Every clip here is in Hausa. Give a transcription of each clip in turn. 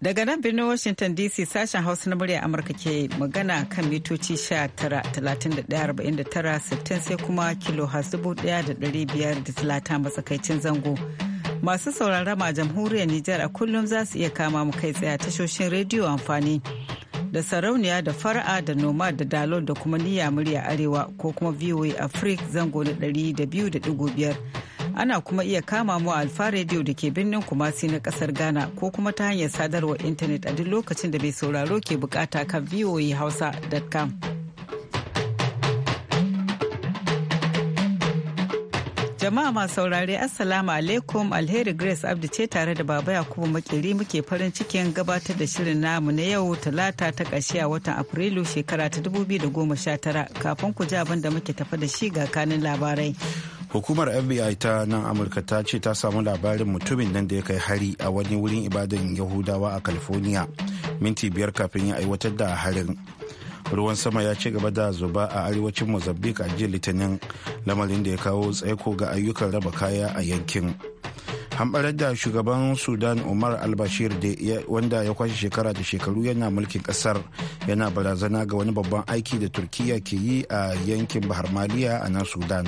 Daga nan birnin Washington DC sashen Hausa na murya Amurka ke magana kan mitoci 19,31,49,60 sai kuma kilo da talata matsakaicin zango. Masu sauraron ma jamhuriyar Nijar a kullum za su iya kama mu kai tsaye tashoshin rediyo amfani da sarauniya da fara'a da noma da dalon da kuma niyya murya arewa ko kuma VOA Africa zango na 200.5 ana kuma iya kama mu a alfa radio da ke birnin kumasi na kasar ghana ko kuma ta hanyar sadarwar intanet a duk lokacin da mai sauraro ke bukata kan hausa.com jama'a masu saurare assalamu alaikum alheri grace abdu ce tare da baba yakubu makeri muke farin cikin gabatar da shirin namu na yau talata ta ƙarshe a watan afrilu shekara ta 2019 kafin ku ji abin da muke tafa da shi ga kanin labarai hukumar fbi ta nan amurka ta ce ta samu labarin mutumin nan da ya kai hari a wani wurin ibadan yahudawa a california minti biyar kafin ya aiwatar da harin ruwan sama ya ci gaba da zuba a arewacin mozambique a jiya litinin lamarin da ya kawo tsaiko ga ayyukan raba kaya a yankin hambarar da shugaban sudan umar albashir wanda ya kwashe shekara da shekaru yana mulkin kasar yana barazana ga wani babban aiki da turkiya ke yi a yankin bahar maliya a nan sudan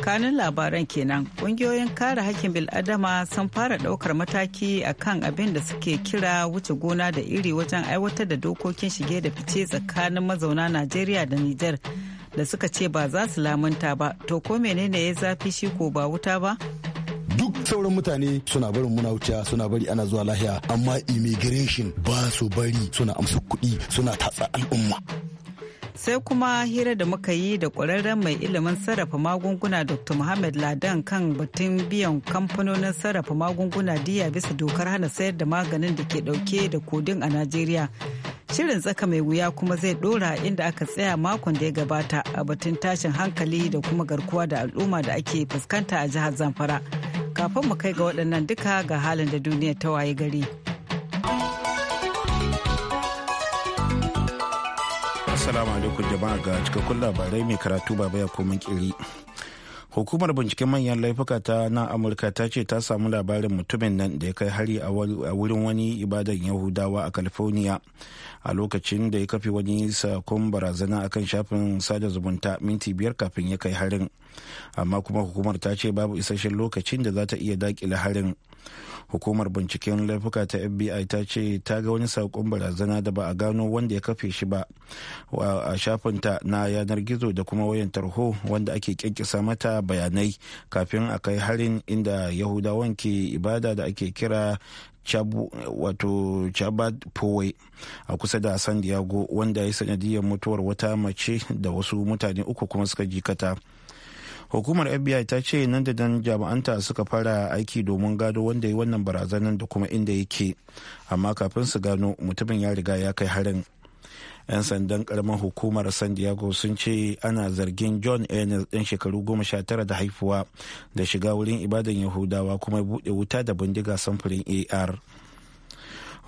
kanin labaran kenan ƙungiyoyin kare hakkin bil'adama sun fara ɗaukar mataki a kan abin da suke kira wuce gona da iri wajen aiwatar da dokokin shige da fice tsakanin mazauna najeriya da nijar da suka ce ba za su lamunta ba to ko menene ya zafi shi ko ba wuta ba duk sauran mutane suna barin muna wuce suna bari ana zuwa lahiya amma immigration ba su bari suna amsa kuɗi suna tatsa al'umma sai kuma hira da muka yi da ƙwararren mai ilimin sarrafa magunguna dr muhammad ladan kan batun biyan kamfanonin sarrafa magunguna diya bisa dokar hana sayar da maganin da ke dauke da kodin a najeriya shirin tsaka mai wuya kuma zai dora inda aka tsaya makon da ya gabata a batun tashin hankali da kuma garkuwa da al'umma da ake fuskanta a jihar zamfara kafin mu kai ga waɗannan duka ga halin da duniya ta waye gari. assalamu alaikum jama'a ga cikakkun labarai mai karatu baba ya komin kiri hukumar binciken manyan laifuka ta na amurka ta ce ta samu labarin mutumin nan da ya kai hari a wurin wani ibadan yahudawa a california a lokacin da ya kafi wani sakon barazana akan shafin sada zumunta minti biyar kafin ya kai harin amma kuma hukumar ta ce babu isasshen lokacin da za ta iya dakile harin hukumar binciken laifuka ta fbi ta ce ta ga wani saƙon barazana da ba a gano wanda ya kafe shi ba a shafinta na yanar gizo da kuma wayan tarho wanda ake kyankyasa mata bayanai kafin a kai harin inda yahudawan ke ibada da ake kira wato chabad powe a kusa da san diego wanda ya sanadiyar mutuwar wata mace da wasu mutane uku kuma suka jikata. hukumar fbi ta ce nan da nan jami'anta suka fara aiki domin gado wanda ya wannan barazanar da kuma inda yake amma kafin su gano mutumin ya riga ya kai harin 'yan sandan karamar hukumar san diego sun ce ana zargin john ennis ɗan shekaru goma sha tara da haifuwa da shiga wurin ibadan yahudawa kuma buɗe wuta da bindiga samfurin ar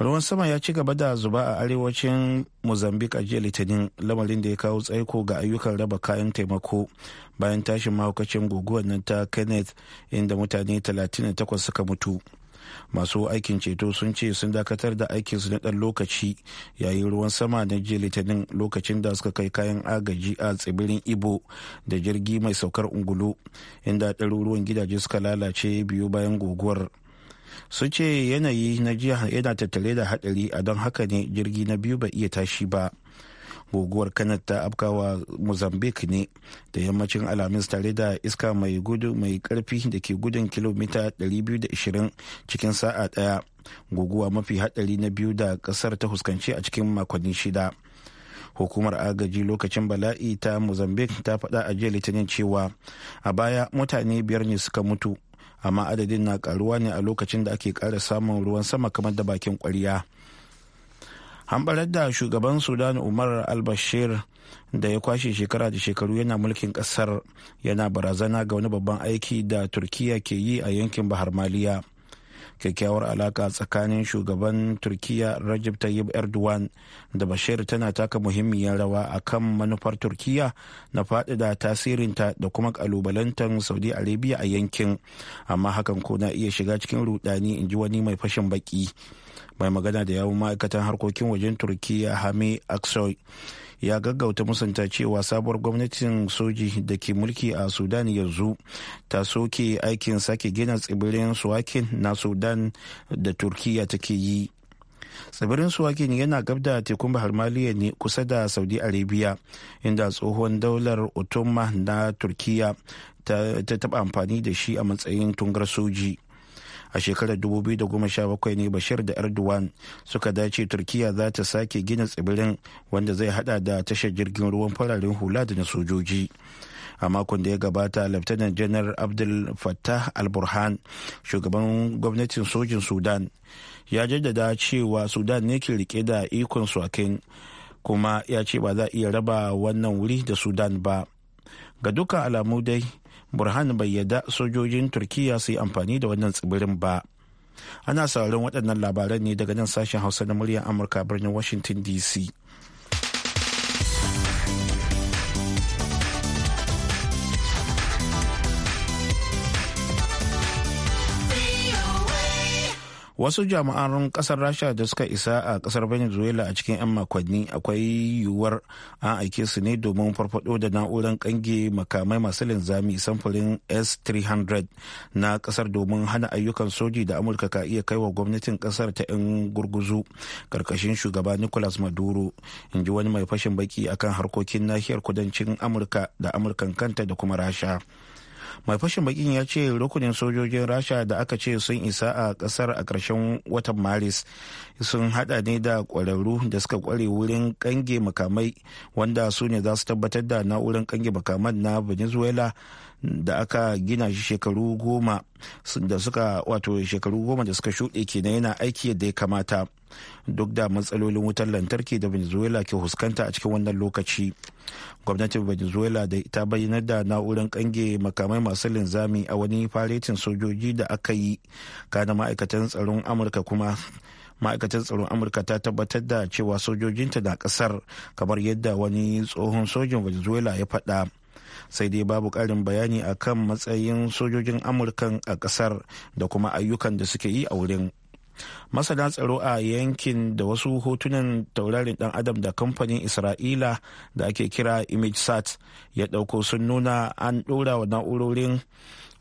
ruwan sama ya ci gaba da zuba a arewacin mozambique a jiya litinin lamarin da ya kawo tsaiko ga ayyukan raba kayan taimako bayan tashin mahaukacin guguwar nan ta kenneth inda mutane 38 suka mutu masu aikin ceto sun ce sun dakatar da aikinsu na ɗan lokaci yayin ruwan sama na jiya litinin lokacin da suka kai kayan agaji a tsibirin ibo da jirgi mai saukar ungulu inda ɗaruruwan gidaje suka lalace biyu bayan guguwar su ce yanayi na jiya yana tattare da hadari a don haka ne jirgi na biyu bai iya tashi ba guguwar kanar ta afkawa mozambique ne da yammacin alamis tare da iska mai gudu mai karfi da ke gudun kilomita 220 cikin sa'a daya guguwa mafi hadari na biyu da kasar ta huskanci a cikin makonni shida hukumar agaji lokacin bala'i ta mozambique ta faɗa a jiya litinin cewa a baya mutane biyar ne suka mutu amma adadin na karuwa ne a lokacin da ake kara samun ruwan sama kamar da bakin kwarya hambarar da shugaban sudan umar albashir da ya kwashe shekara da shekaru yana mulkin kasar yana barazana ga wani babban aiki da turkiya ke yi a yankin bahar maliya kyakkyawar alaka tsakanin shugaban turkiya rajab tayyip erdogan da bashir tana taka muhimmiyar rawa a kan manufar turkiya na faɗaɗa tasirinta da kuma kalubalantar saudi arabia a yankin amma hakan ko na iya shiga cikin rudani in ji wani mai fashin baki mai magana da yawon ma'aikatan harkokin wajen turkiya hami aksoy ya gaggauta musanta cewa sabuwar gwamnatin soji da ke mulki a sudan yanzu ta soke aikin sake gina tsibirin suwakin na sudan da turkiya take yi tsibirin suwakin yana gab da tekun bahar maliya ne kusa da saudi arabia inda tsohon daular ottoman na turkiya ta taba amfani da shi a matsayin tungar soji a shekarar 2017 ne bashir da erdogan suka dace turkiya za ta sake gina tsibirin wanda zai hada da tashar jirgin ruwan fararen hula da na sojoji a makon da ya gabata lieutenant general abdul fattah al-burhan shugaban gwamnatin sojin sudan ya jaddada cewa sudan ne ke rike da ikon swakin kuma ya ce ba za a iya raba wannan wuri da sudan ba ga duka alamu dai burhan bai yadda sojojin turkiyya su yi amfani da wannan tsibirin ba ana sauraron waɗannan labaran ne daga nan sashen hausa na muryar amurka birnin washington dc wasu jami'an kasar rasha da suka isa a kasar venezuela a cikin 'yan makonni akwai yiwuwar an aike su ne domin farfado da na'urar kange makamai masu linzami samfurin s-300 na kasar domin hana ayyukan soji da amurka ka iya kaiwa gwamnatin kasar ta 'yan gurguzu karkashin shugaba nicolas maduro in ji wani mai fashin baki akan harkokin nahiyar kudancin amurka da amurkan kanta da kuma rasha mai fashin bakin ya ce rukunin sojojin rasha da aka ce sun isa a kasar a ƙarshen watan maris sun hada ne da ƙwararru da suka kware wurin kange makamai wanda su ne za su tabbatar da na'urar kange makaman na venezuela da aka gina shi shekaru goma da suka wato shekaru goma da suka shuɗe kenan yana aiki yadda ya kamata duk da matsalolin wutar lantarki da venezuela ke huskanta a cikin wannan lokaci gwamnatin venezuela da ta bayyanar da na'urar kange makamai masu linzami a wani faretin sojoji da aka yi kana ma'aikatan tsaron amurka kuma ma'aikatar tsaron amurka ta tabbatar da cewa sojojinta na kasar kamar yadda wani tsohon sojin venezuela ya faɗa sai dai babu karin bayani a kan matsayin sojojin amurkan a kasar da kuma ayyukan da suke yi a wurin masana tsaro a yankin da wasu hotunan taurarin dan adam da kamfanin isra'ila da ake kira imagesat ya dauko sun nuna an dora wa na'urorin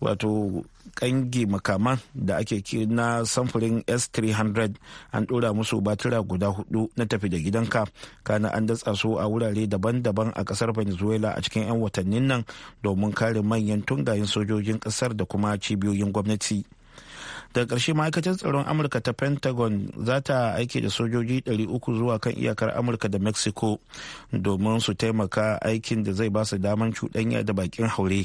wato kangi makaman da ake na samfurin s-300 an dora musu batura guda hudu na tafi da gidanka kana an datsa su a wurare daban-daban a kasar venezuela a cikin 'yan watannin nan domin kare manyan tungayen sojojin kasar da kuma cibiyoyin gwamnati. daga ƙarshe ma'aikatar tsaron amurka ta pentagon za ta aiki da sojoji 300 zuwa kan iyakar amurka da mexico domin su taimaka aikin da zai ba su daman cuɗanya da bakin haure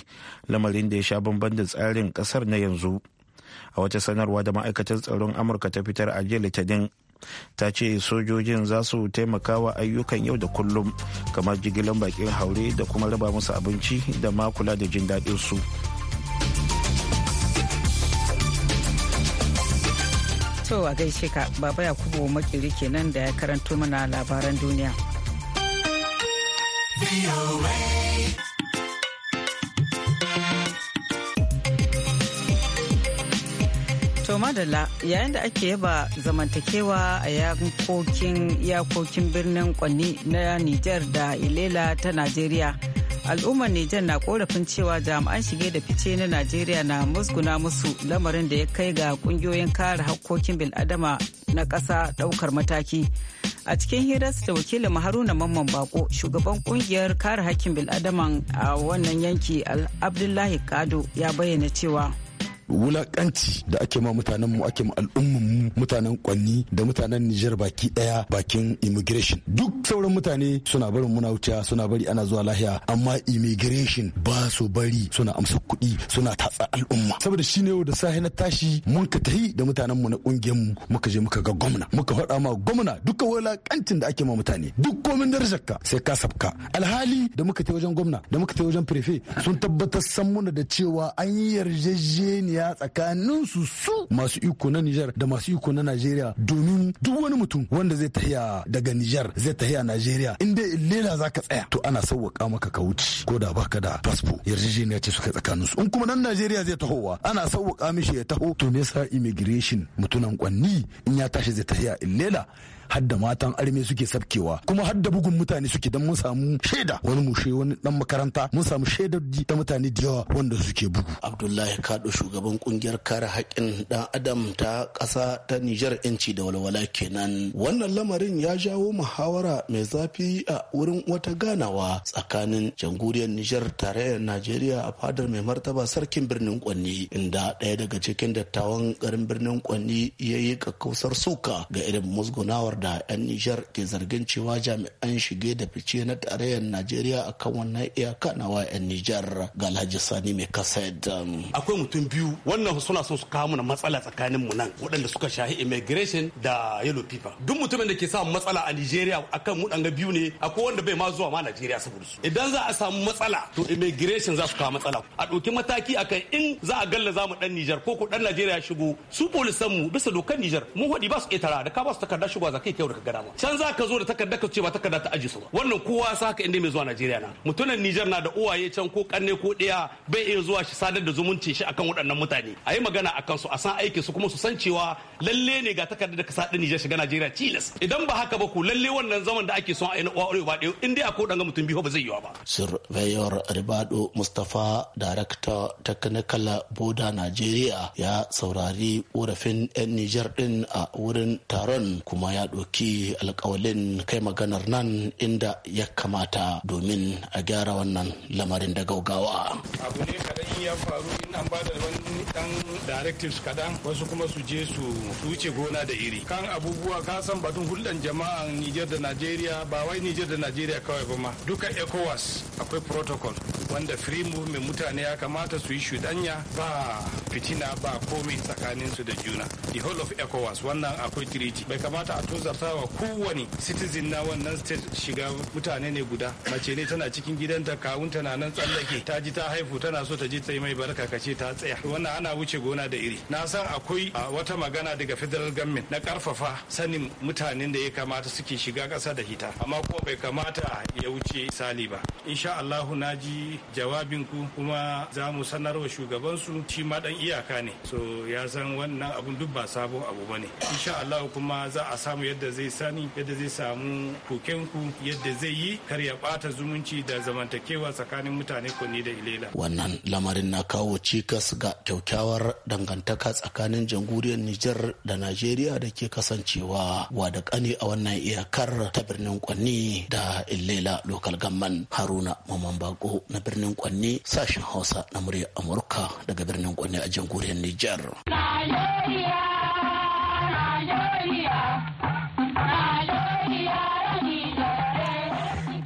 lamarin da ya sha bamban da tsarin ƙasar na yanzu a wata sanarwa da ma'aikatar tsaron amurka ta fitar a jiya litinin ta ce sojojin za su taimaka wa ayyukan yau da kullum kamar jigilan bakin haure da kuma raba musu abinci da ma kula da jin daɗinsu. su To a gaishe ka baba Yakubu makiri kenan da ya karanto mana labaran duniya. To madalla yayin da ake yaba zamantakewa a yankokin iyakokin birnin kwanni na Nijar da Ilela ta Najeriya. al'ummar nijar na korafin cewa jami'an shige da fice na najeriya na musguna musu lamarin da ya kai ga kungiyoyin kare hakkokin bil'adama na ƙasa ɗaukar mataki a cikin hirarsa da wakilin haruna mamman bako shugaban kungiyar kare hakkin bil'adaman a wannan yanki abdullahi kado ya bayyana cewa wulakanci da ake ma mutanen mu ake ma al'umman mu mutanen kwanni da mutanen Nijar baki daya bakin immigration duk sauran mutane suna barin muna wuce suna bari ana zuwa lahiya amma immigration ba su bari suna amsa kuɗi suna tatsa al'umma saboda shine yau da sahi na tashi mun ka tahi da mutanen mu na kungiyar mu muka je muka ga gwamna muka faɗa ma gwamna duka wulakancin da ake ma mutane duk komin darajarka sai ka sabka alhali da muka tai wajen gwamna da muka tai wajen prefe sun tabbatar san muna da cewa an yi yarjejeniya ya tsakanin su su masu iko na Nijar da masu iko na Najeriya domin duk wani mutum wanda zai tahiya daga Nijar zai tahiya Najeriya in dai za zaka tsaya to ana sauwaka maka ka wuce ko da baka da fasfo yarjejeniya ce suka tsakanin su in kuma nan Najeriya zai tahowa ana sauwaka mishi ya taho to me yasa immigration mutunan kwanni in ya tashi zai tahiya in lela har da matan arme suke sabkewa kuma har da bugun mutane suke dan mun samu shaida wani mushe wani dan makaranta mun samu shaidar ta mutane da yawa wanda suke bugu abdullahi kado shugaban kungiyar kare haƙƙin dan adam ta ƙasa ta nijar yanci da walwala kenan wannan lamarin ya jawo muhawara mai zafi a wurin wata ganawa tsakanin jamhuriyar nijar tarayyar najeriya a fadar mai martaba sarkin birnin kwanni inda ɗaya daga cikin dattawan garin birnin kwanni ya yi kakkausar suka ga irin musgunawar da 'yan nijar ke zargin cewa jami'an shige da fice na tarayyar najeriya kan wannan iyaka na wa 'yan nijar ga alhaji sani mai kased um, akwai mutum biyu wannan suna son su kawo mana matsala tsakanin mu nan waɗanda suka shahi immigration da yellow fever duk mutumin da ke samun matsala a Nijeriya akan mu muɗanga biyu ne akwai wanda bai ma zuwa ma najeriya saboda su idan za a samu matsala to immigration za su kawo matsala a ɗauki mataki akan in za a galla zamu mu ɗan nijar ko ko ɗan najeriya shigo su polisan mu bisa dokar nijar mu haɗi ba su ƙetara da ka ba su takarda shigo kai kyau daga gara can za ka zo da takarda ka ce ba takarda ta aji su ba wannan kowa sa haka inda mai zuwa Najeriya na mutumin nijar na da uwaye can ko kanne ko ɗaya bai iya zuwa shi sadar da zumunci shi akan waɗannan mutane a yi magana a kansu a san aikin su kuma su san cewa lalle ne ga takarda da ka saɗa nijar shiga Najeriya tilas idan ba haka ba ku lalle wannan zaman da ake son a yi na uwa ba ɗaya in dai akwai ɗanga mutum biyu ba zai yiwa ba. Surveyor Ribado Mustapha Darakta Technical Boda Najeriya ya saurari korafin 'yan Nijar din a wurin taron kuma ya ɗauki alkawalin kai maganar nan inda ya kamata domin a gyara wannan lamarin da gaugawa. abu ne kaɗan ya faru in an ba da wani ɗan directives kadan wasu kuma su je su wuce gona da iri kan abubuwa ka san batun hulɗan jama'a Nijar da Najeriya ba wai Nijar da Najeriya kawai ba ma duka ECOWAS akwai protocol wanda free movement mutane ya kamata su yi shudanya ba fitina ba komai tsakanin su da juna the whole of ECOWAS wannan akwai treaty bai kamata a tozarta wa kowane citizen na wannan state shiga mutane ne guda mace ne tana cikin gidanta kawunta na nan tsallake ta ji ta haifu tana so ta je ta yi mai barka kace ta tsaya wannan ana wuce gona da iri na san akwai wata magana daga federal government na karfafa sanin mutanen da ya kamata suke shiga kasa da hita amma kuma bai kamata ya wuce sali ba insha Allahu na ji jawabin ku kuma za mu sanar sanarwa shugabansu shi ma dan iyaka ne so ya san wannan abun duk ba sabon abu bane insha Allahu kuma za a samu yadda zai sani yadda zai samu koken ku yadda zai yi kar ya bata zumunci da zamantakewa tsakanin mutane ku ni da ilela wannan lamarin na kawo cikas ga kyaukyawar dangantaka tsakanin jamhuriyar Nijar da Najeriya da ke kasancewa wada kane a wannan iyakar ta birnin Kwanni da Illela Local Gamman Haruna Maman Bako na birnin Kwanni sashen Hausa na muryar Amurka daga birnin Kwanni a jamhuriyar Nijar.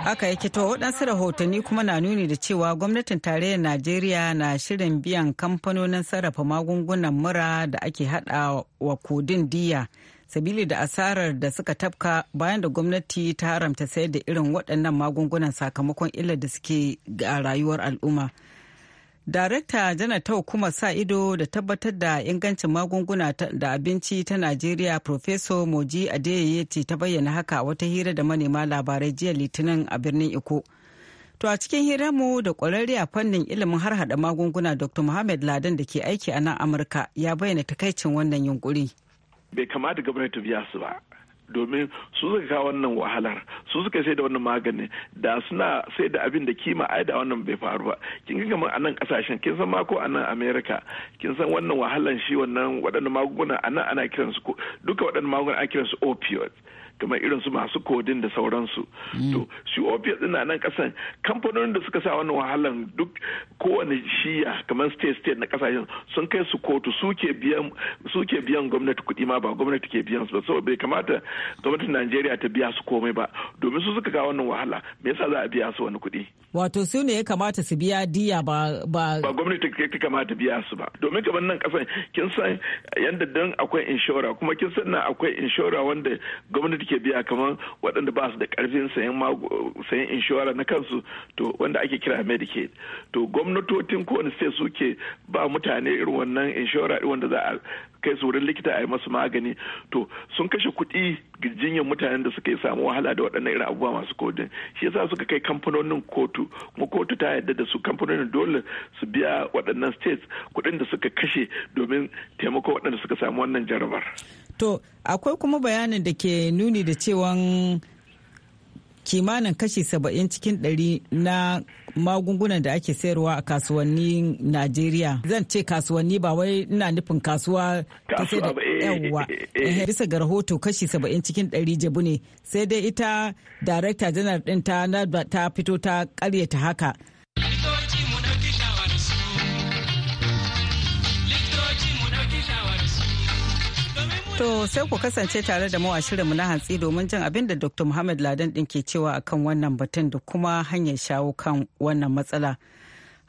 Haka yake to waɗansu rahotanni kuma na nuni da cewa gwamnatin tarayyar Najeriya na shirin biyan kamfanonin sarrafa magungunan mura da ake haɗa wa kudin diya. Sabili da asarar da suka tafka bayan da gwamnati ta haramta sayar da irin waɗannan magungunan sakamakon illar da suke ga rayuwar al'umma. Darekta Janar ta kuma sa ido da tabbatar da ingancin magunguna da abinci ta Najeriya Profeso Moji Adeyeyeti ta bayyana haka wata hira da manema labarai jiya Litinin a birnin Iko. To a cikin mu da kwararre a fannin ilimin harhaɗa magunguna Dr. Muhammad Ladan da ke aiki a nan Amurka ya bayyana takaicin wannan yunkuri. Bai kamata gwamnati biya su ba. domin su suka kawo wannan wahalar su suka sai da wannan magani da suna sai da abin da kima ai da wannan bai faru ba kin ga kamar anan kasashen kin san mako a nan America kin san wannan wahalan shi wannan waɗannan magunguna a ana kiransu duka waɗannan magunguna ana kiransu opioids kamar irin su masu kodin da sauransu mm. to shi opiate din nan kasan kamfanonin da suka sa wani wahalan duk kowane shiya kamar state state na kasashen sun kai su kotu suke biyan biyan gwamnati kuɗi ma ba gwamnati ke biyan su ba so bai kamata gwamnatin Najeriya ta biya su komai ba domin su suka ga wannan wahala me yasa za a biya su wani kuɗi wato su ne ya kamata su biya diya ba ba ba gwamnati ta kamata biya su ba domin kamar nan kasan kin san yanda dan akwai inshora kuma kin san nan akwai inshora wanda gwamnati ake biya kamar waɗanda ba su da ƙarfin sayan inshora na kansu to wanda ake kira medicaid to gwamnatocin kowane state suke ba mutane irin wannan inshora wanda za a kai su wurin likita a yi masu magani to sun kashe kuɗi jinyar mutanen da suka yi samu wahala da waɗannan irin abubuwa masu kodin shi yasa suka kai kamfanonin kotu kuma kotu ta yarda da su kamfanonin dole su biya waɗannan states kuɗin da suka kashe domin taimako waɗanda suka samu wannan jarabar To akwai kuma bayanin da ke nuni da cewan kimanin kashi saba'in cikin ɗari na magungunan da ake sayarwa a kasuwannin Najeriya. Zan ce kasuwanni ba wai ina nufin kasuwa ta sai da eh, yawwa. Eh, eh, bisa ga rahoto kashi saba'in cikin ɗari jabu ne. Sai dai ita darakta janar ɗin ta fito ta karyata haka. To sai ku kasance tare da mu a shirinmu na hantsi domin jin abin da Dr. Muhammad Ladan din ke cewa akan wannan batun da kuma hanyar shawo kan wannan matsala.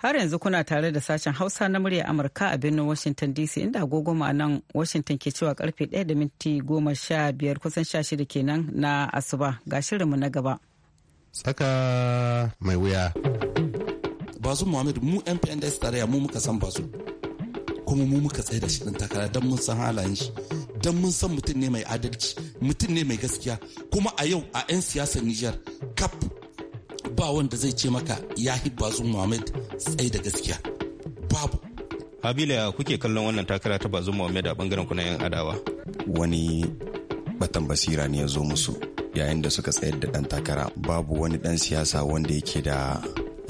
Har yanzu kuna tare da sashen Hausa na murya Amurka a birnin Washington DC inda agogo ma'anan nan Washington ke cewa karfe 1 da minti goma sha biyar kusan sha shida kenan na asuba ga shirinmu na gaba. Tsaka mai wuya. bazu Muhammad mu MPNDS tare mu muka san bazu kuma mu muka tsaye da shi ɗin takara don mun san halayen shi. don mun san mutum ne mai adalci mutum ne mai gaskiya kuma a yau a 'yan siyasar Nijar kaf ba wanda zai ce maka ya bazum Muhammad tsaye da gaskiya babu Habila kuke kallon wannan takara ta bazu Muhammad a bangaren kuna 'yan adawa wani batan basira ne ya zo musu yayin da suka tsayar da dan takara babu wani dan siyasa wanda yake da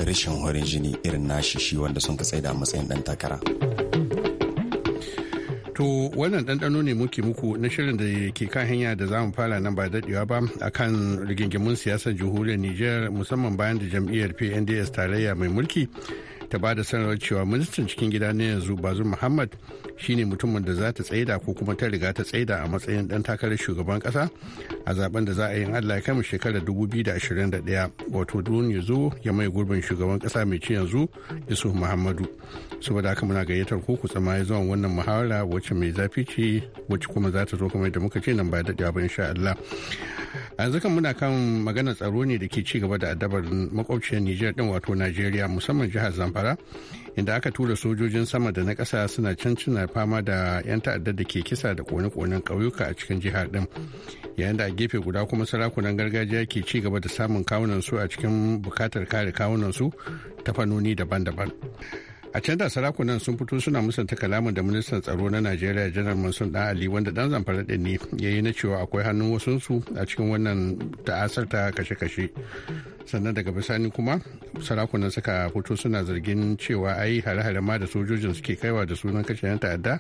rashin horin jini irin nashi shi wanda sun ka tsaye da matsayin dan takara. To wannan ɗanɗano ne muke muku na shirin da ke kan hanya da za mu fara nan ba daɗewa ba a kan rigingimun siyasar jamhuriyar Nijar musamman bayan da jam'iyyar PNDS tarayya mai mulki ta ba da sanarwar cewa ministan cikin gida na yanzu bazu Muhammad shine mutumin da za ta tsaida ko kuma ta riga ta tsaida a matsayin dan takarar shugaban kasa a zaben da za a yi Allah ya kama shekarar 2021 wato don yanzu zo ya mai gurbin shugaban kasa mai ci yanzu Yusuf Muhammadu saboda haka muna gayyatar ku ku tsama ya zuwa wannan muhawara wacce mai zafi ce wacce kuma za ta zo kuma da muka ce nan ba da ba insha Allah a yanzu kan muna kan magana tsaro ne da ke ci gaba da addabar makwabciyar Nijar din wato Najeriya musamman jihar Zamfara inda aka tura sojojin sama da na ƙasa suna can suna fama da 'yan ta'adda da ke kisa da kone-konen ƙauyuka a cikin jihar ɗin yayin da a gefe guda kuma sarakunan gargajiya ke ci gaba da samun kawunan su a cikin bukatar kare kawunan su ta fannoni daban-daban a can da sarakunan sun fito suna musanta kalamin da ministan tsaro na najeriya janar mansun da ali wanda dan zamfara din ne ya yi na cewa akwai hannun wasunsu a cikin wannan ta'asar ta kashe-kashe sannan daga bisani kuma sarakunan suka fito suna zargin cewa ai hare-hare ma da sojojin suke kaiwa da sunan kashe yan ta'adda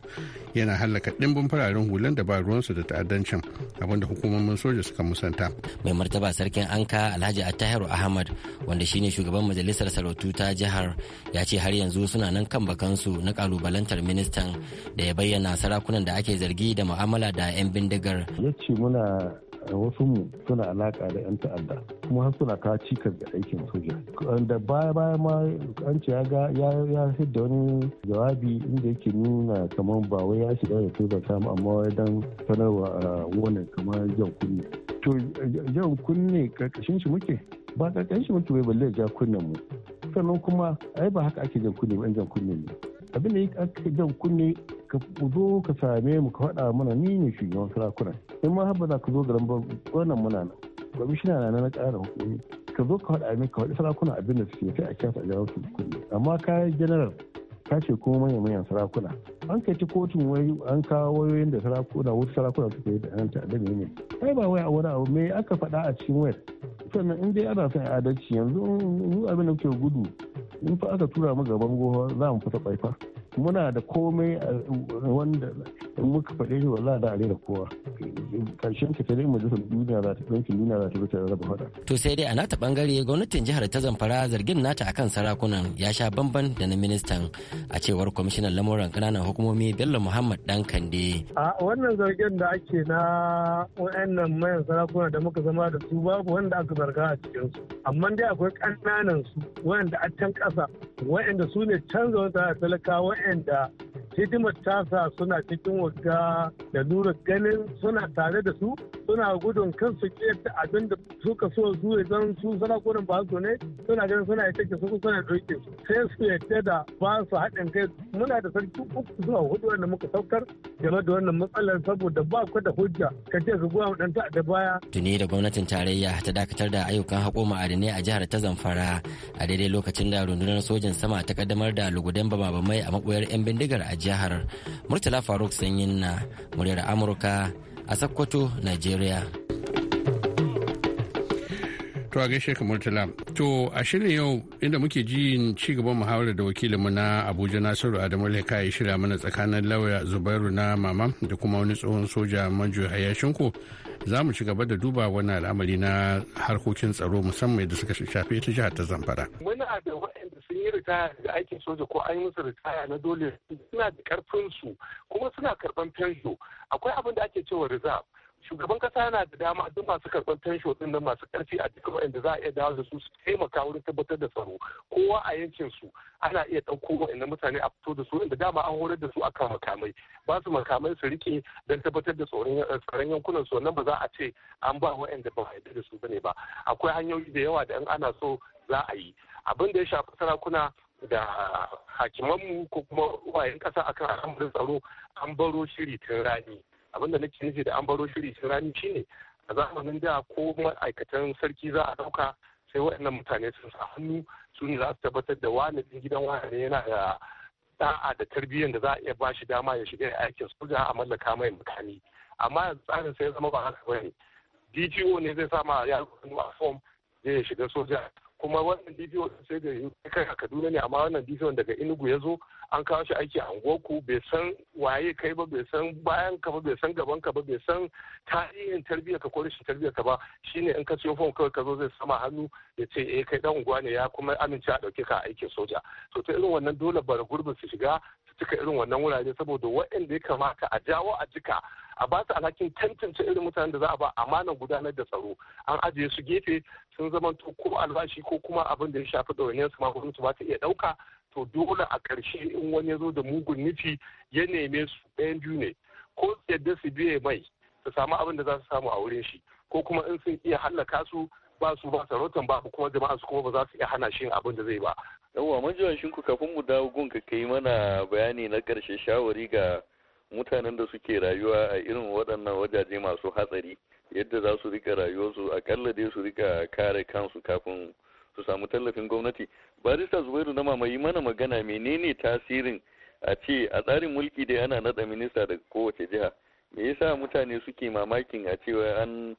yana hallaka dimbin fararen hulan da ba ruwansu da ta'addancin abinda hukumomin soja suka musanta mai martaba sarkin anka alhaji attahiru ahmad wanda shine shugaban majalisar sarautu ta jihar ya ce har yanzu suna suna nan kan bakansu na kalubalantar ministan da ya bayyana sarakunan da ake zargi da mu'amala da 'yan bindigar. Ya ce muna wasu mu suna alaka da 'yan ta'adda kuma har suna kawo cikas ga aikin soja da baya baya ma an ce ya ga ya da wani jawabi inda yake nuna kamar ba wai ya shiga da tozarta mu amma wai dan sanarwa a wannan kamar jan kunne to jan kunne karkashin shi muke ba karkashin shi muke bai balle ja kunnen mu sannan kuma ai ba haka ake jan kunne ba jan kunne ne abin da ake jan kunne ka zo ka same mu ka faɗa mana ni ne shugaban sarakuna in ma ba za ka zo garin wannan muna nan kwamishina na na ƙara hukumi ka zo ka faɗa min ka faɗi sarakuna abin da suke sai a kyasa a jawo su kunne amma ka general ka ce kuma manyan manyan sarakuna an kai ta kotun wai an kawo wayoyin da sarakuna wasu sarakuna suka yi da yan ta'adda ne ne ai ba wai a wani abu me aka faɗa a cikin wayar sannan in dai ana son adalci yanzu abin da ke gudu in fa aka tura mu gaban goho za mu fita ɓaifa. muna da komai eh, wanda in muka faɗe shi wallahi da are da kowa karshen ka dai majalisar duniya za ta ɗauki duniya za ta bi ta raba faɗa. to sai dai a nata bangare gwamnatin jihar ta zamfara zargin nata akan sarakunan ya sha bamban da na ministan a cewar kwamishinan lamuran kananan hukumomi bello muhammad dan kande. a wannan zargin da ake na wa'annan mayan sarakuna da muka zama da su babu wanda aka zarga a cikin su amma dai akwai ƙananan su wayanda a can ƙasa wa'anda su ne canza wata talaka and uh, hidimar tasa suna cikin wagga da nura ganin suna tare da su suna gudun kansu ta abin da suka so su ya zan su sarakunan ba su ne suna ganin suna ya take su suna doke su sai su yadda da ba su haɗin kai muna da sarki uku zuwa hudu wanda muka saukar game da wannan matsalar saboda ba ku da hujja ka ce su goya dan ta da baya. Tuni da gwamnatin tarayya ta dakatar da ayyukan haƙo ma'adanai a jihar ta Zamfara a daidai lokacin da rundunar sojan sama ta kaddamar da lugudan bababamai a maɓoyar 'yan bindigar a jihar murtala faruk sanyin na muryar amurka a sokoto nigeria to a gaishe ka murtala to a shirin yau inda muke jin ci gaban muhawarar da wakilinmu na abuja nasiru adamu leka ya shirya mana tsakanin lauya zubairu na mama da kuma wani tsohon soja manjo hayashinku za mu ci gaba da duba wani al'amari na harkokin tsaro musamman da suka shafi ta jihar ta zamfara wani abin waɗanda sun yi ritaya da aikin soja ko an yi musu ritaya na dole suna da karfin su kuma suna karɓan fensho akwai abin da ake cewa reserve shugaban kasa yana da dama duk masu karɓar fensho din nan masu karfi a cikin waɗanda za a iya dawo da su su taimaka wurin tabbatar da tsaro kowa a yankin su ana iya ɗauko waɗannan mutane a fito da su inda dama an horar da su akan makamai ba su makamai su rike don tabbatar da eh, tsaron yankunan su wannan ba za a ce an ba wa'anda ba yadda da su bane ba akwai hanyoyi da yawa da in ana so za a yi abin da ya shafi sarakuna da hakimanmu ko kuma wayan kasa akan al'amarin tsaro an baro shiri tun rani abinda nake nufi da an baro shiri sun rani shine a zamanin da ko ma'aikatan sarki za a dauka sai waɗannan mutane sun sa hannu su ne za su tabbatar da wani gidan wani yana da da'a da tarbiyyar da za a iya ba shi dama ya shiga aikin soja a mallaka mai mukami amma tsarin sai zama ba haka bane dgo ne zai sama ya a fom zai shiga soja kuma wannan in sai da kai a kaduna ne amma wannan dpo daga inugu ya zo an kawo shi aiki a unguwarku bai san waye kai ba bai san bayan ka ba bai san gaban ka ba bai san tarihin tarbiyyar ka ko rashin tarbiyyar ka ba shine in ka siyo fom kawai ka zo zai sama hannu ya ce eh kai dan unguwa ne ya kuma amince a dauke ka aikin soja so ta irin wannan dole bara gurbin su shiga su cika irin wannan wurare saboda waɗanda ya kamata a jawo a jika a ba su alhakin tantance irin mutanen da za a ba amanan gudanar da tsaro an ajiye su gefe sun zamanto ko albashi ko kuma abin da ya shafi ɗawainiyar su ma gwamnati ba ta iya ɗauka to dole a ƙarshe in wani ya zo da mugun nufi ya neme su ɗayan biyu ne ko yadda su biya mai su samu abin da za su samu a wurin shi ko kuma in sun iya hallaka su ba su ba sarautan ba kuma jama'a su kuma ba za su iya hana shi abin da zai ba. Yawwa majiwan shinku kafin mu dawo gun ka kai mana bayani na ƙarshe shawari ga mutanen da suke rayuwa a irin waɗannan wajaje masu hatsari yadda za su rika rayuwarsu akalla dai su rika kare kansu kafin su samu tallafin gwamnati barista zubairu na mamayi mana magana menene tasirin a ce a tsarin mulki dai ana naɗa minista daga kowace jiha me yasa mutane suke mamakin a cewa an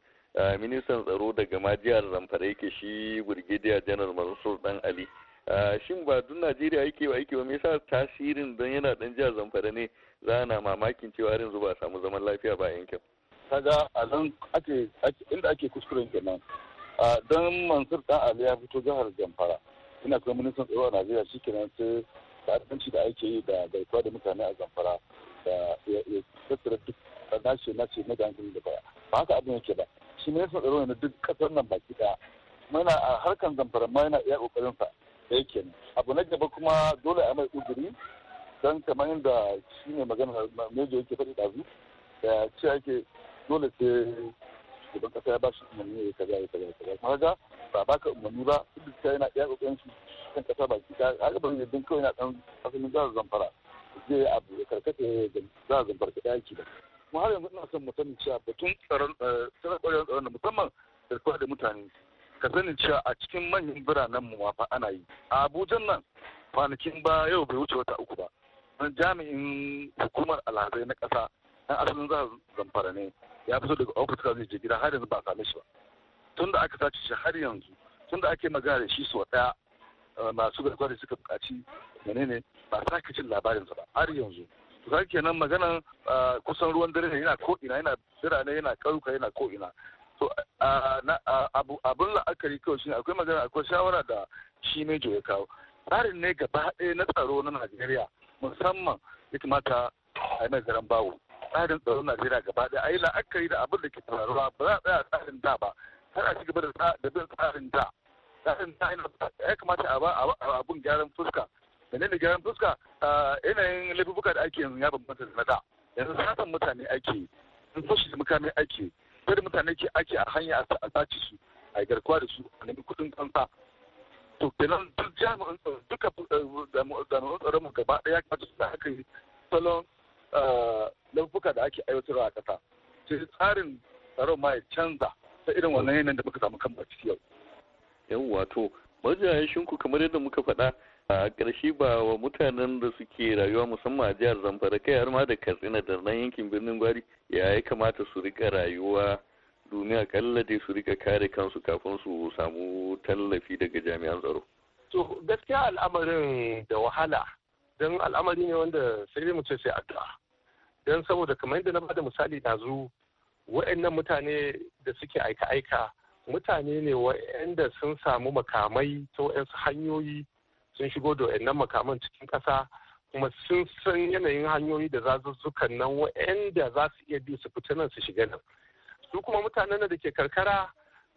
ministan tsaro daga ma jihar zamfara yake shi burgidiya janar mansur dan ali shin ba duk Najeriya yake ba yake ba me yasa tasirin dan yana dan jiya Zamfara ne za na mamakin cewa yanzu ba samu zaman lafiya ba yankin. Kaga a nan ake inda ake kuskuren kenan. Don Mansur Dan Ali ya fito jihar Zamfara. Ina kuma ministan tsaro a Najeriya shi kenan sai ta'addanci da ake yi da garkuwa da mutane a Zamfara da ya tattara duk nace nace na da hankali da baya. Ba haka abin yake ba. Shi ministan tsaro ne duk kasar nan baki daya. Muna a harkan Zamfara ma yana iya kokarin sa. ɗaya kenan abu na gaba kuma dole a mai uzuri don kamar yadda shi ne magana mejo yake faɗi ɗazu da ce ake dole sai shugaban kasa ya ba shi umarni ya kaza ya kaza ya kaza kuma ga ba ba ka umarni ba duk da yana iya ƙoƙarin shi kan kasa baki ta haka ban yadda kawai na ɗan asalin za a zamfara je abu ya karkata ya za a zamfara ta yaki ba kuma har yanzu ina son mu sani cewa batun tsaron eh, tsaron tsaron da musamman da da mutane ka sanin cewa a cikin manyan biranen mu fa ana yi a abuja nan kwanakin ba yau bai wuce wata uku ba jami'in hukumar alhazai na ƙasa dan asalin za zamfara ne ya fito daga ofis zai je gida har yanzu ba a same shi ba tun da aka sace shi har yanzu tun da ake magana da shi sau ɗaya eh, masu garkuwa suka buƙaci menene ba sake cin labarinsa ba har yanzu to ka kenan magana eh, kusan ruwan dare ne yana ko ina yana birane yana ƙauyuka yana ko ina abun la'akari kawai shi akwai magana akwai shawara da shi mejo ya kawo tsarin ne gaba ɗaya na tsaro na najeriya musamman ya kamata a yi mai zaren bawo tsarin tsaron najeriya gaba ɗaya a yi la'akari da abin da ke faruwa ba za a tsaya tsarin da ba har a cigaba da bin tsarin da tsarin da ya kamata a ba abun gyaran fuska menene gyaran fuska yanayin laifuka da ake yanzu ya bambanta da na da yanzu sassan mutane ake in fashi da mukamin ake sai da mutane ke ake a hanya a sace su a garkuwa da su a nemi kudin kansa to kenan duk jami'an duka eh, jami'an tsaro mu gaba daya ka su da aka yi salon eh, laifuka da ake aiwatarwa a kasa sai tsarin tsaron ma ya canza ta irin wannan yanayin da muka samu kan ciki yau. yawwa to majiyayen shinku, kamar yadda muka faɗa a ƙarshe ba wa mutanen da suke rayuwa musamman a jihar zamfara kai har ma da katsina da nan yankin birnin gwari ya ya kamata su rika rayuwa domin akalla dai su rika kare kansu kafin su samu tallafi daga jami'an tsaro to gaskiya al'amarin da wahala don al'amari ne wanda sai dai mu ce sai addu'a don saboda kamar yadda na ba da misali zu wa'annan mutane da suke aika-aika mutane ne wa'anda sun samu makamai ta wa'ansu hanyoyi sun shigo da wayannan makaman cikin kasa. kuma sun san yanayin hanyoyi da zazuzzukan nan wa'anda za su iya bi su fita nan su shiga nan su kuma mutanen da ke karkara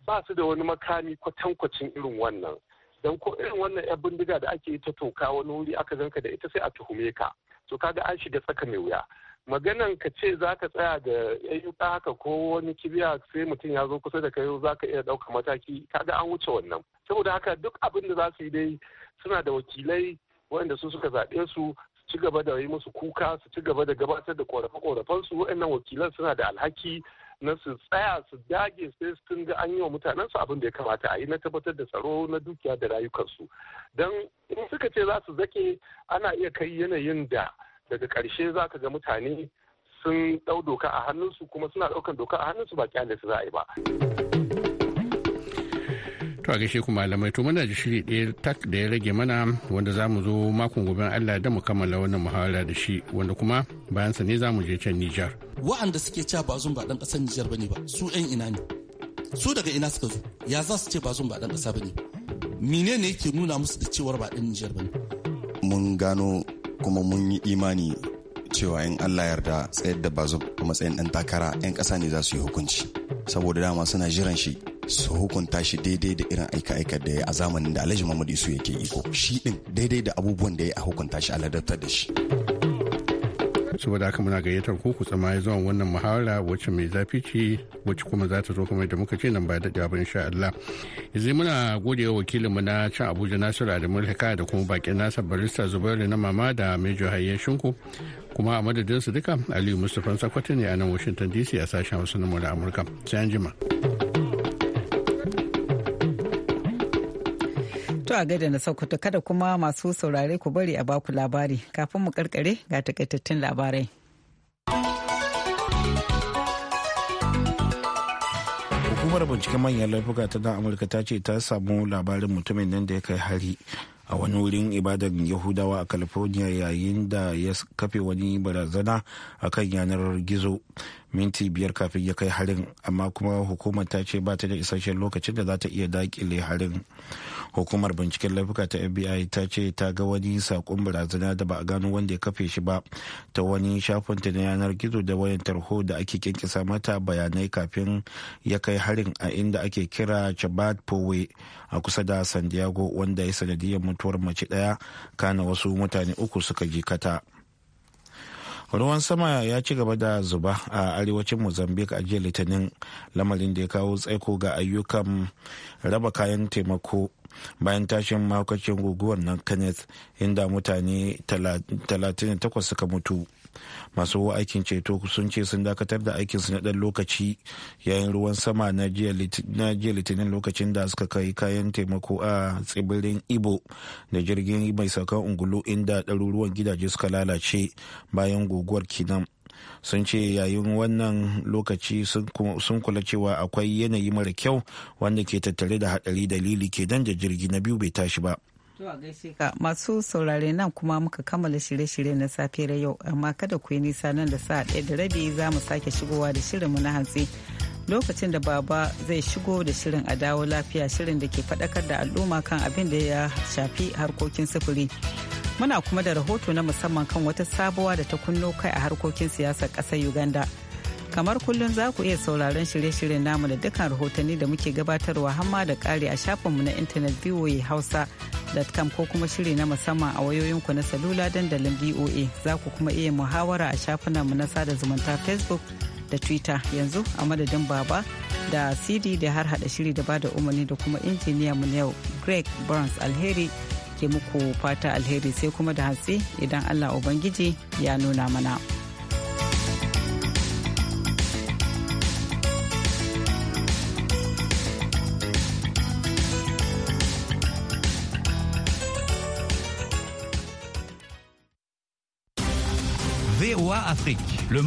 ba su da wani makami kwatankwacin irin wannan don ko irin wannan yan bindiga da ake yi ta toka wani wuri aka zanka da ita sai a tuhume ka to kaga an shiga tsaka mai wuya maganan ka ce za ka tsaya da ayyuka haka ko wani kibiya sai mutum ya zo kusa da kai za ka iya ɗauka mataki kaga an wuce wannan saboda haka duk abin da za su yi dai suna da wakilai waɗanda su suka zaɓe su ci gaba da yi musu kuka su ci gaba da gabatar da korafe-korafen su waɗannan wakilan suna da alhaki na su tsaya su dage sai sun ga an yi wa mutanen su abin da ya kamata a yi na tabbatar da tsaro na dukiya da rayukansu don in suka ce za su zake ana iya kai yanayin da daga ƙarshe za ka ga mutane sun ɗau doka a hannunsu kuma suna ɗaukan doka a hannunsu ba da su za a yi ba. to a gaishe ku malamai to muna da shiri ɗaya tak da ya rage mana wanda za mu zo makon gobe Allah da mu kammala wannan muhawara da shi wanda kuma bayan sa ne za mu je can Nijar wa'anda suke cewa ba zun ba dan kasar Nijar bane ba su ɗan ina ne su daga ina suka zo ya za su ce ba zun ba dan kasa bane menene yake nuna musu da cewar ba dan Nijar bane mun gano kuma mun yi imani cewa in Allah yarda tsayar da bazum a matsayin dan takara 'yan ƙasa ne za su yi hukunci saboda dama suna jiran shi su hukunta shi daidai da irin aika-aika da ya a zamanin da alhaji muhammadu isu yake iko shi din daidai da abubuwan da ya a hukunta shi aladartar da shi saboda haka muna gayyatar ku ku tsama ya zuwa wannan muhawara wacce mai zafi ce wacce kuma za ta zo kamar da muka ce nan ba daɗewa ba insha Allah yanzu muna gode wa wakilinmu na can Abuja Nasiru Adamu haka da kuma bakin nasa barista Zubairu na mama da Mejo Hayyan Shinku kuma a madadinsu duka Aliyu Mustapha Sakwati ne a nan Washington DC a sashen wasu na Amurka sai an jima. a gaida na Sokoto kada kuma masu saurare ku bari a baku labari kafin mu karkare ga takaitattun labarai. hukumar binciken manyan laifuka ta nan amurka ta ce ta samu labarin mutumin nan da ya kai hari a wani wurin ibadar yahudawa a california yayin da ya kafe wani barazana a kan yanar gizo minti biyar kafin ya kai harin amma kuma hukumar ta ce ba ta da isasshen lokacin da za ta iya dakile harin hukumar binciken laifuka ta fbi ta ce ta ga wani sakon barazana da ba a gano wanda ya kafe shi ba ta wani shafinta na yanar gizo da wayan tarho da ake kinkisa mata bayanai kafin ya kai harin a inda ake kira chabad powe a kusa da san diego wanda ya sanadiyar mutuwar mace ɗaya kana wasu mutane uku suka jikata. kata ruwan sama ya ci gaba da zuba a arewacin mozambique a jiya litinin lamarin da ya kawo tsaiko ga ayyukan raba kayan taimako bayan tashin mahaukacin guguwar nan kenneth inda mutane 38 suka mutu masu aikin ceto sun ce sun dakatar da aikinsu na ɗan lokaci yayin ruwan sama na jiya litinin lokacin da suka kai kayan taimako a tsibirin ibo da jirgin mai saukan ungulu inda ɗaruruwan gidaje suka lalace bayan guguwar kinan sun ce yayin wannan lokaci sun kula cewa akwai yanayi mara kyau wanda ke tattare da hadari dalili kenan da jirgi na biyu bai tashi ba Zuwa gaishe ka masu saurare nan kuma muka kammala shirye-shirye na safiyar yau amma kada ku yi nisa nan da sa ɗaya da rabi za mu sake shigowa da shirinmu na hantsi. lokacin da baba zai shigo da shirin a dawo lafiya shirin da ke faɗakar da al'umma kan abin da ya shafi harkokin sufuri muna kuma da rahoto na musamman kan wata sabuwa da ta kunno kai a harkokin siyasar ƙasar uganda kamar kullum za ku iya sauraron shirye-shiryen namu da dukkan rahotanni da muke gabatarwa hamma da ƙari a shafinmu na intanet voa hausa voa.com ko kuma shiri na musamman a wayoyinku na salula dandalin voa za ku kuma iya muhawara a shafinanmu na sada zumunta facebook da twitter yanzu a madadin baba da cd da har hada shiri da ba da umarni da kuma injiniya mu yau greg burns alheri ke muku fata alheri sai kuma da hatsi idan allah ubangiji ya nuna mana. Afrique. Le monde